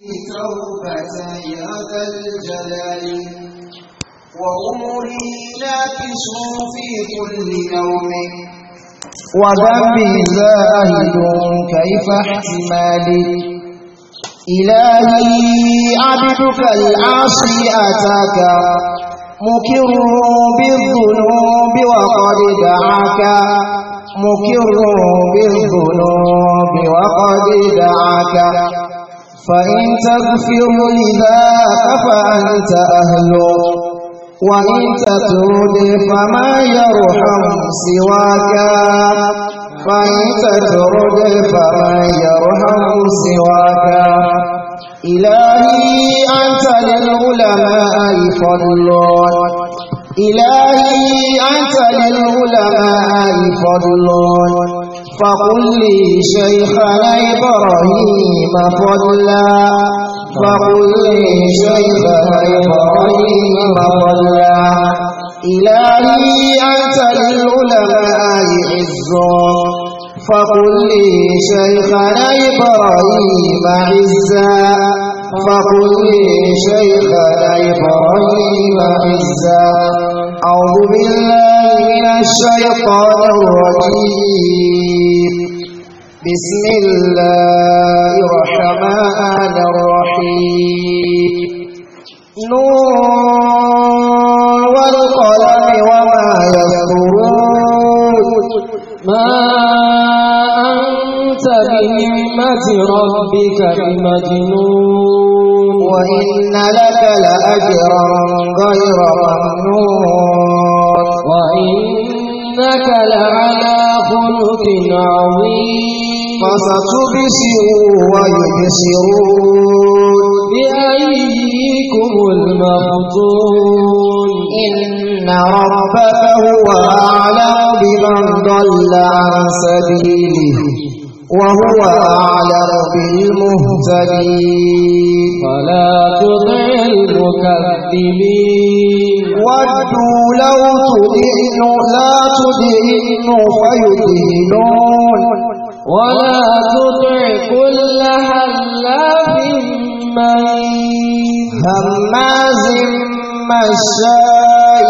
توبة يا ذا الجلال وأمري ناكس في كل نوم وذنبي زاهد كيف احتمالي إلهي عبدك العاصي أتاك مكر بالذنوب وقد دعاك مكر بالذنوب وقد دعاك فإن تغفر لذاك فأنت أهله وإن تترد فما يرحم سواك فإن تترد فما يرحم سواك إلهي أنت للعلماء فضل إلهي أنت للعلماء فضل فقل لي شيخنا إبراهيم فضلا فقل لي شيخنا إبراهيم فضلا إلهي أنت للعلماء عزا فقل لي شيخنا إبراهيم عزا فقل لي شيخنا إبراهيم عزا أعوذ بالله من الشيطان الرجيم بسم الله الرحمن الرحيم نور والقلم وما يسطرون ما أنت بنعمة ربك بمجنون وإن لك لأجرا غير ممنون وإنك لعلى خلق عظيم فستبصر ويبصرون بأيكم المفتون إن ربك هو أعلم بمن ضل عن سبيله وهو أعلم مهتدي فلا تطع المكذبين ودوا لو تدئن لا تدئن فيدئنون ولا تطع كل حلاف مهين هماز مشاء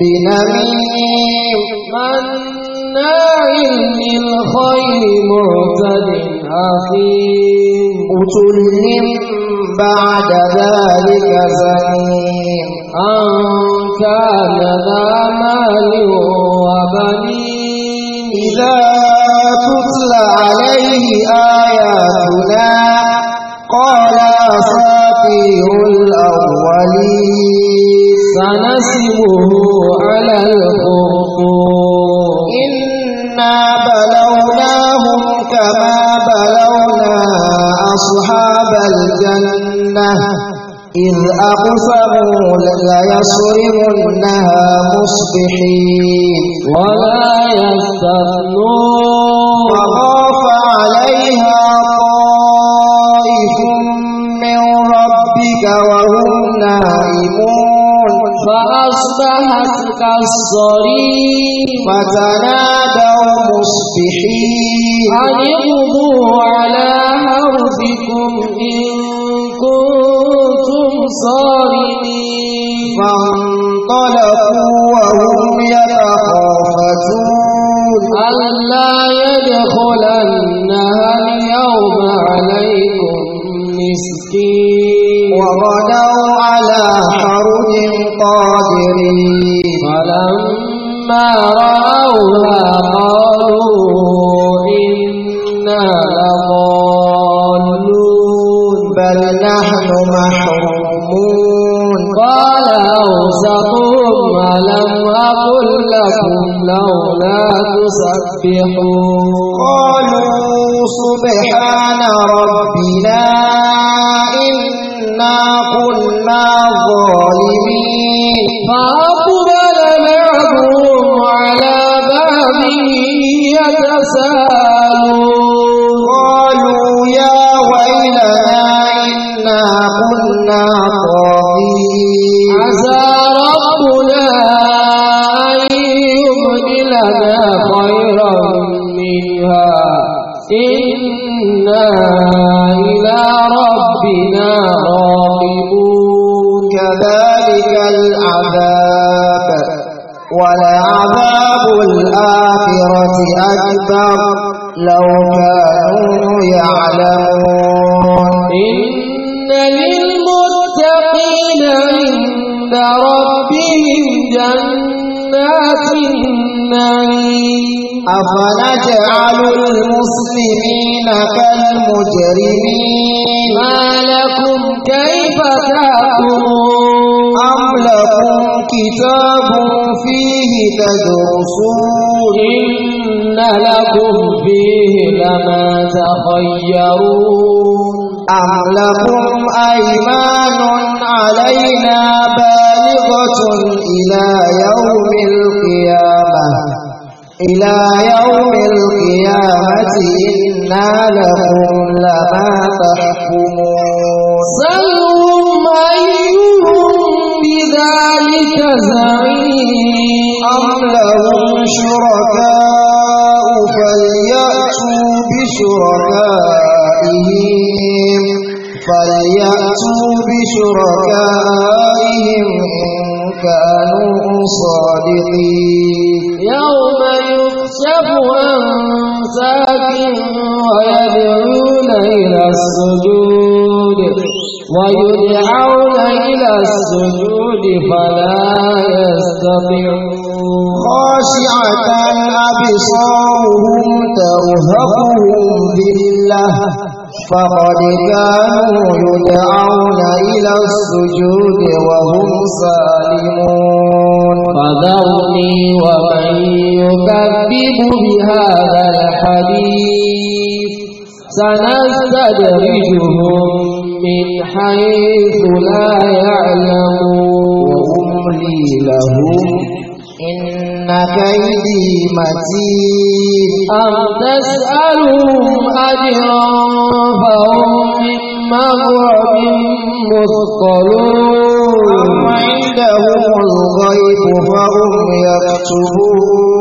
بنميم من مناع للخير معتد أثيم عتل بعد ذلك زنيم أن كان ذا مال وبنين إذا تتلى عليه آياتنا قال أساطير الأولين سنسمه على الأولين إذ أقسموا ليصرمنها مصبحين ولا يستثنون وخاف عليها طائف من ربك وهم نائمون فأصبحت كالصريم فتنادوا مصبحين أن على حربكم إن صارمين فانطلقوا وهم يتخافتون ألا يدخلنها اليوم عليكم مسكين وغدوا على حرد قادرين فلما رأوها رزقهم ألم أقل لكم لولا تسبحون قالوا سبحان ربنا إنا كنا ظالمين أكبر لو كانوا يعلمون إن للمتقين عند ربهم جنات النعيم أفنجعل المسلمين كالمجرمين ما لكم كيف تأكلون لكم كتاب فيه تدرسون إن لكم فيه لما تخيرون أم لكم أيمان علينا بالغة إلى يوم القيامة إلى يوم القيامة إنا لكم لما تحكمون ذلك أم لهم شركاء فليأتوا بشركائهم فليأتوا بشركائهم إن كانوا صادقين يوم يكشف عن ساك ويدعون إلى السجود ويدعون إلى السجود فلا يستطيعون خاشعة أبصارهم ترهقهم ذلة فقد كانوا يدعون إلى السجود وهم سالمون فذرني ومن يكذب بهذا الحديث سنستدرجهم من حيث لا يعلمون وأملي لهم إن كيدي متين أم تسألهم أجرا فهم من مغرم مثقلون أم عندهم الغيب فهم يكتبون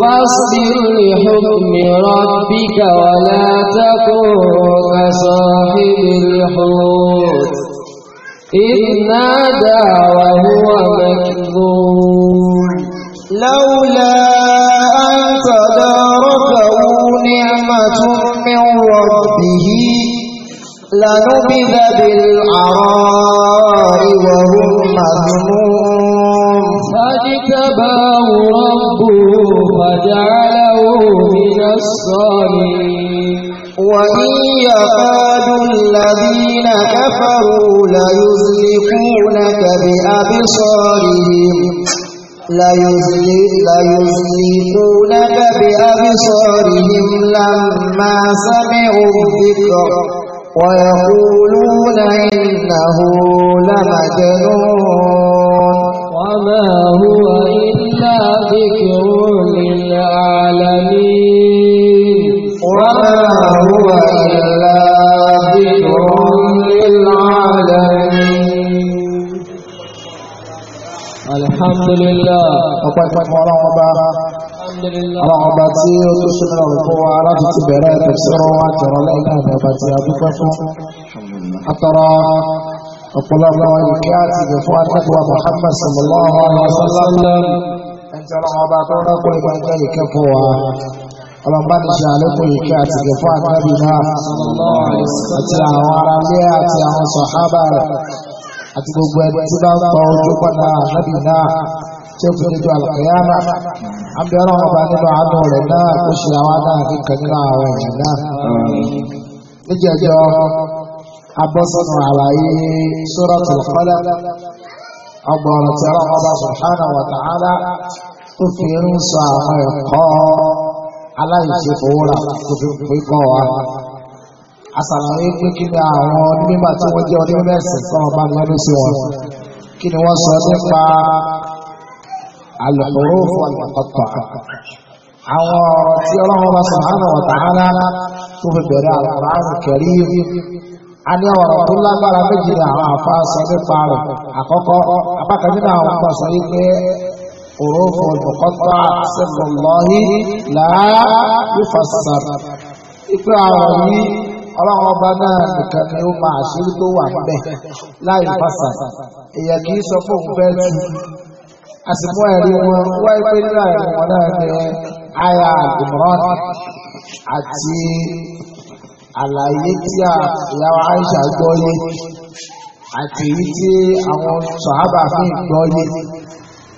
فاصبر لحكم ربك ولا تكن كصاحب الحوت إذ نادى وهو مكذوب لولا أن تداركه نعمة من ربه لنبذ بالعراء وهم مذموم وجعله من الصالحين وإن يكاد الذين كفروا ليزلقونك بأبصارهم ليزلقونك بأبصارهم لما سمعوا الذكر ويقولون إنه لمجنون وما هو إلا ذكر هو إلا ذكر للعالمين الحمد لله أقول الله àwọn ọba tí ó tó ṣe mẹ́rọ fún wa láti ti bẹ̀rẹ̀ tẹ̀síọ́rọ̀ wa tẹ̀rọ lẹ́yìn náà ní ọba tí a dúpẹ́ fún àtọ̀rọ̀ ọ̀pọ̀lọpọ̀ ọlọ́pàá ní ṣe àlékún ìkẹ́ àti ìgẹ̀fọ́ àtàbí náà àti àwọn ará ilé àti àwọn sọ̀hábà rẹ̀ àti gbogbo ẹni tí bá ń pa ojú pọ̀nà àtàbí náà tí ó fi ní ju àlùkìyàmà abẹ́rẹ́ ọba nínú àánú rẹ̀ náà ó ṣe àwọn náà nìkan nínú àwọn ẹ̀yìn náà. níjẹ̀jọ́ abọ́sọ̀nù àlàyé Suratul Falaq ọgbọ̀n tí ọlọ́pàá subhanahu wa tó fi ń sọ àwọn ẹ̀kọ́ aláìsí fowó rà kò fi pè kọ́ wa. Àṣàlàyé pé kí ni àwọn onímọ̀ tí wọ́n jẹ́ onímọ̀ ẹ̀sìn kan ọba ní ọdún sí wọn. Kí ni wọ́n sọ nípa àlùkòrò fún àlùkọ́tọ̀? Àwọn ọ̀rọ̀ tí ọlọ́run bá subhanahu wa ta'ala tó fi bẹ̀rẹ̀ Al-Qur'an A ní ọ̀rọ̀ tó lágbára méjì ni àwọn àfa sọ nípa rẹ̀. Àkọ́kọ́, apá kan nínú àwọn ọ̀pọ̀ sọ yí pé حروف المقطع سر الله لا يفسر اقرا عني ọlọ́run ọba náà nìkan ni ó máa ṣírí tó wà níbẹ̀ láì fásà èyà kì í sọ fún òun fẹ́ jù àsìkò ẹ̀rí wọn wá ipé nílà ẹ̀rí wọn náà ní àyà àgùnmọ́rán àti àlàyé tí ìyàwó Aisha gbọ́ yé àti èyí tí àwọn sọ̀hábà fi ń gbọ́ yé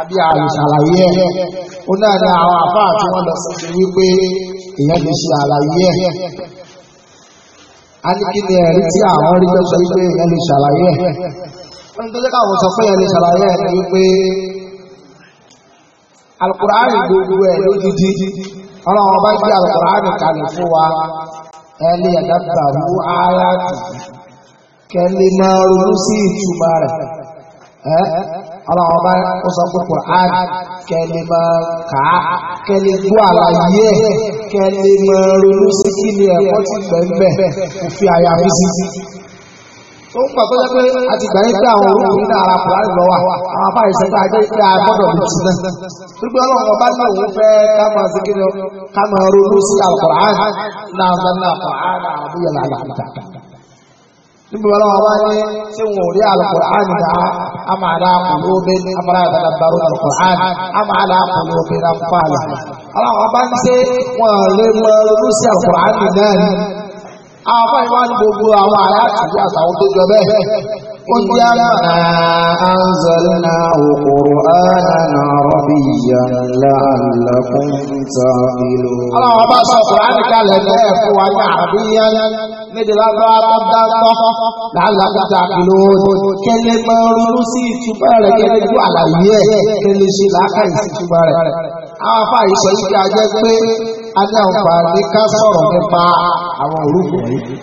àbí àlùsàlàyé ẹ̀ ó náà ní àwọn àfáà tí wọ́n lọ sí wípé èèyàn lè ṣe àlàyé ẹ̀ a ní kí ni ẹ̀rí tí àwọn rí lọ́sọ wípé èèyàn lè ṣàlàyé ẹ̀ wọ́n tó jẹ́ káwọn sọ fún èèyàn lè ṣàlàyé ẹ̀ wípé alukùránì gbogbo ẹ̀ lódidi ọlọ́run bá gbé alukùránì kalẹ̀ fún wa ẹ lè dábàrú áyá tì kẹ́lẹ́ máa ronú sí ìtumọ̀ rẹ̀ aláwọ̀ bá ó sọ pé Qur'an kẹlẹ̀ máa kà á kẹlẹ̀ gbọ́ àlàyé ẹ̀ kẹlẹ̀ máa ronú sí kí ni ẹ̀kọ́ ti bẹ̀ẹ̀bẹ̀ kò fi àyà mi sí sí. ó ń pàtó jẹ́ pé a ti gbà yín pé àwọn olóògùn náà ara Qur'an lọ wà àwọn afá ìṣẹ́ta ajé pé a gbọ́dọ̀ bí ti náà. gbogbo ọlọ́run ọba ní òun fẹ́ ká máa sí kí ni ká máa ronú sí àkùrán náà náà àbúyọ̀ làlàkùtà nígbà wọn wá ní tí wọn ò rí alukur'an dá ama ala kulubin amara yadabbaru alukur'an ama ala kulubin anfààlà. aláwọ̀ bá ń ṣe wọn lè mọ lóṣìṣẹ́ alukur'an náà àfa ìwà ní gbogbo àwọn ará àti àsàwọn tó jọ bẹ́ẹ̀. ó ní àmà anzalna qur'ana arabiyyan la'allakum ta'qilun. ọlọ́wọ́ bá sọ kùránì kalẹ̀ bẹ́ẹ̀ fún wa ní àbíyá níbi lábẹ́ àtọ́dátọ́ la'allakum ta'qilun. kẹ́lẹ́ máa ń ronú sí ìtúbà rẹ̀ kẹ́lẹ́ gbọ́ àlàyé ẹ̀ kẹ́lẹ́ ṣe làákàyè sí ìtúbà rẹ̀. àfa ìsọ̀yí a ní àǹfààní ká sọ̀rọ̀ nípa àwọn orúkọ yìí.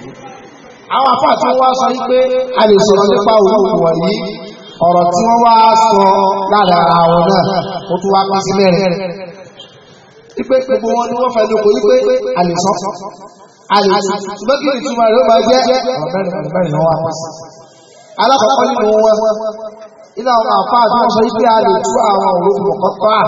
Àwọn àfáà tí wọ́n wá sọ wípé a lè sọ̀rọ̀ nípa orúkọ wọ̀nyí. Ọ̀rọ̀ tí wọ́n wá sọ lára àwọn náà, ó tún wá pín sí mẹ́rin. Ipe gbogbo wọn ni wọ́n fẹ́ lóko wípé a lè sọ. A lè sọ. Ṣùgbọ́n kí ìtumọ̀ rẹ̀ ó máa jẹ́ ọ̀rọ̀ mẹ́rin wá pín sí. Alákọ̀ọ́kọ́ nínú wọn, nínú àwọn àfáà tí wọ́n sọ wípé a lè tú àwọn orúkọ kọ̀ọ̀kan.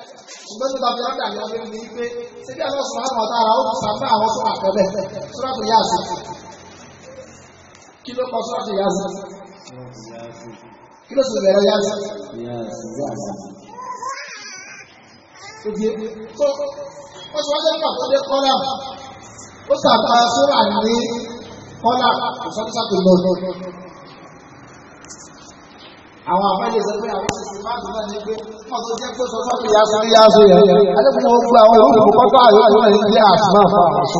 ṣùgbọ́n tó tàbí ọ́dà ni ọdún ní pé ṣé bí àwọn sọ̀rọ̀ àwọn ọ̀tara ó ti sàmú àwọn tó àkọọ́lẹ̀ sọ́rọ̀ tó yá sí kí ló kọ sọ́rọ̀ tó yá sí kí ló sì bẹ̀rẹ̀ yá sí. Oge tó wọ́n sọ wọ́n jẹ́ pàtó dé kọ́lá ó sàkà sọ́rọ̀ àní kọ́lá kò sọ́dún sàkè àwọn àfáàjẹ sọ àwọn ṣẹṣẹ máa dùn náà ní pé wọn tó jẹ pé sọsọ pé yasọ yasọ yẹn alẹ́kùn wọn gbọ́ àwọn olùkọ́ kọ́kọ́ àwọn àwọn ẹ̀yìn ilé àtúmọ̀ fún àwọn aṣọ sọ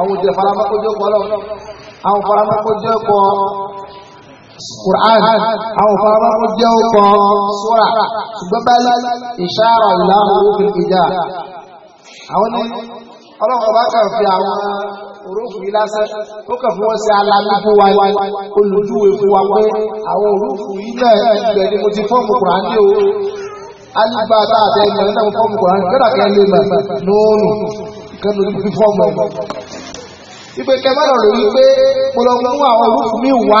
àwọn òjò faramọ́kójọ́pọ̀ ọlọ́run àwọn àwọn faramọ́kó jẹ́ ọkọ̀ sura ṣùgbọ́n báyìí ìṣàrà ìlànà òfin ìjà àwọn ọlọ́run ọba kan fi àwọn òrùkù yìí lásán ó kàn fún wọn sí alalú fún wa olùdúwe fún wa pé àwọn òrùkù yìí náà ibẹ̀ ni mo ti fọ́ọ̀mù kùránì o alùpàá tá a bẹ ẹgbẹ̀rún náà mo fọ́ọ̀mù kùránì kí ọ̀dà kan lè mọ̀ lóòrùn ìkànnì ojú fífọ́ ọmọ ọmọ ìpè kẹfà lọ rẹ wípé mo lọ mú àwọn òrùkù mi wá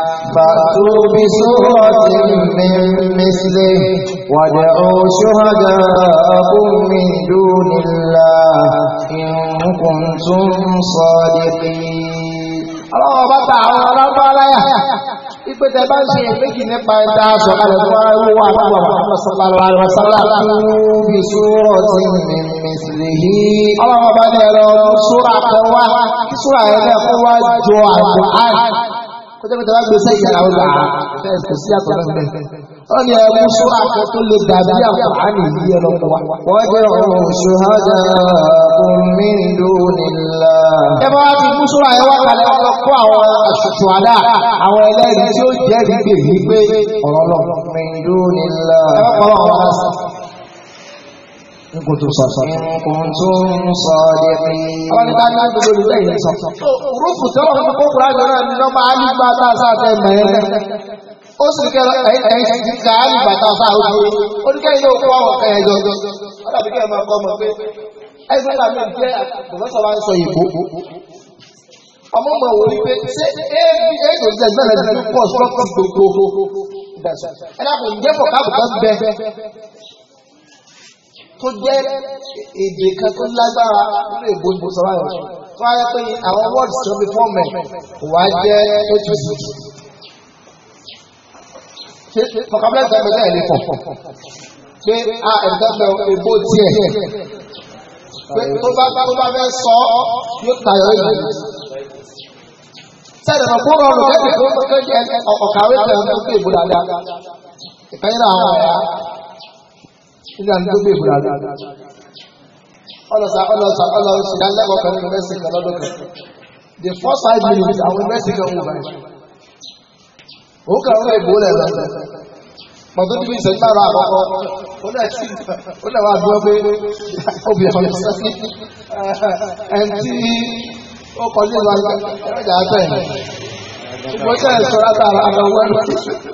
فأتوا بسورة من مثله وادعوا شهداءكم من دون الله إن كنتم صادقين ọlọ́wọ́ bá bá àwọn ọlọ́pàá aláyà wípé tẹ bá ń ṣe ìpéjì nípa ẹ̀dá aṣọ kalẹ̀ tó wá wà nígbà wọn sọlá lọ sọlá bí sóòrọ̀ tí mi mẹsìlẹ̀ yìí. ọlọ́wọ́ bá ní ẹ̀rọ sóòrà kan wá kí sóòrà yẹn náà kó wá jọ àjọ àìsàn kó jẹ́ pé tẹ́lá gbé sẹ́yìn ara ọgbà bẹ́ẹ̀ kò sí àtọ̀ náà bẹ́ẹ̀. wọ́n ní ẹ̀mú sọ́ra kan tó lè dàbí àwọn àmì yìí ẹlọ́pọ̀ wa. wọ́n jẹ́ ọ̀rùn ṣùhádà kùnmíìlú nílá. ẹ bá wá ti mú sọ́ra yẹn wá kalẹ̀ wọn lọ kó àwọn aṣojú àdá àwọn ẹlẹ́rìí tí ó jẹ́rìí gbèrè wípé ọ̀rọ̀ lọ. kùnmíìlú nílá. ẹ nígbò tó sọ sọ. nǹkan tó ń sọ ọ́ dé. àwọn nípa ní àgbègbè olùgbé yìí sọ. rúfù tẹ́wọ̀n fún kókó àjọ náà ní lọ́ba alígbà tá a sáà fẹ́ mọ̀ ẹ́ ó sì kẹ́ ẹ̀yìn ti ka alígbà tá a sáà ó dúró ó ní kẹ́yìn yóò kọ́ ọ̀kẹ́ ẹ̀ jọ. ó dàbí kí ẹ máa kọ́ ọmọ pé ẹgbẹ́ tàbí ìjẹ́ àpòfẹ́sọ̀ wa ń sọ ìbò ọmọ ọmọ wò ni pé ṣé éèdì éèdì ọjà ìgbàlódé pọ̀ sí ọkọ̀ gbogbo ẹ̀dàkùn jẹ́ fọ̀kàbùkọ́ bẹ́ẹ̀ kó jẹ́ èdè kan tó lágbára nínú èbó ní sọ́wọ́ ẹ̀rọ tó wáyé pé àwọn words tó fi fọ́ mẹ́ kò wá jẹ́ tó ti sì jù. ṣé vocabulary tẹ̀lé bẹ́ẹ̀ lè pọ̀ pé a ah, ẹ̀dẹ́gbẹ̀ èbó tiẹ̀ pé tó bá tó bá fẹ́ sọ ọ́ yóò tayọ ìlú. sẹ́ẹ̀dẹ̀ mọ̀ kó rọrùn lẹ́yìn tó tó jẹ́ ọ̀kàwé tẹ̀lé tó tó èbó dáadáa. ìkànnì àwọn ọ̀rẹ́ nígbà tó gbé ìfura rẹ̀. the first five minutes àwọn mẹ́sìn kan wù báyìí. òun kàn ń rẹ̀ ìbò rẹ̀ lọ. pàtó níbi ìṣẹ́jú márùn-ún àkọ́kọ́ ó náà wà dúró pé obì ẹ̀fọn lọ́sẹ̀ sí ẹ̀ǹtí ó kọjú ìlú àgbà ẹ̀rọ ìjà àgbà ẹ̀ ṣùgbọ́n tẹ̀ sọ́ra tààrà àwọn ọmọ ẹ̀rọ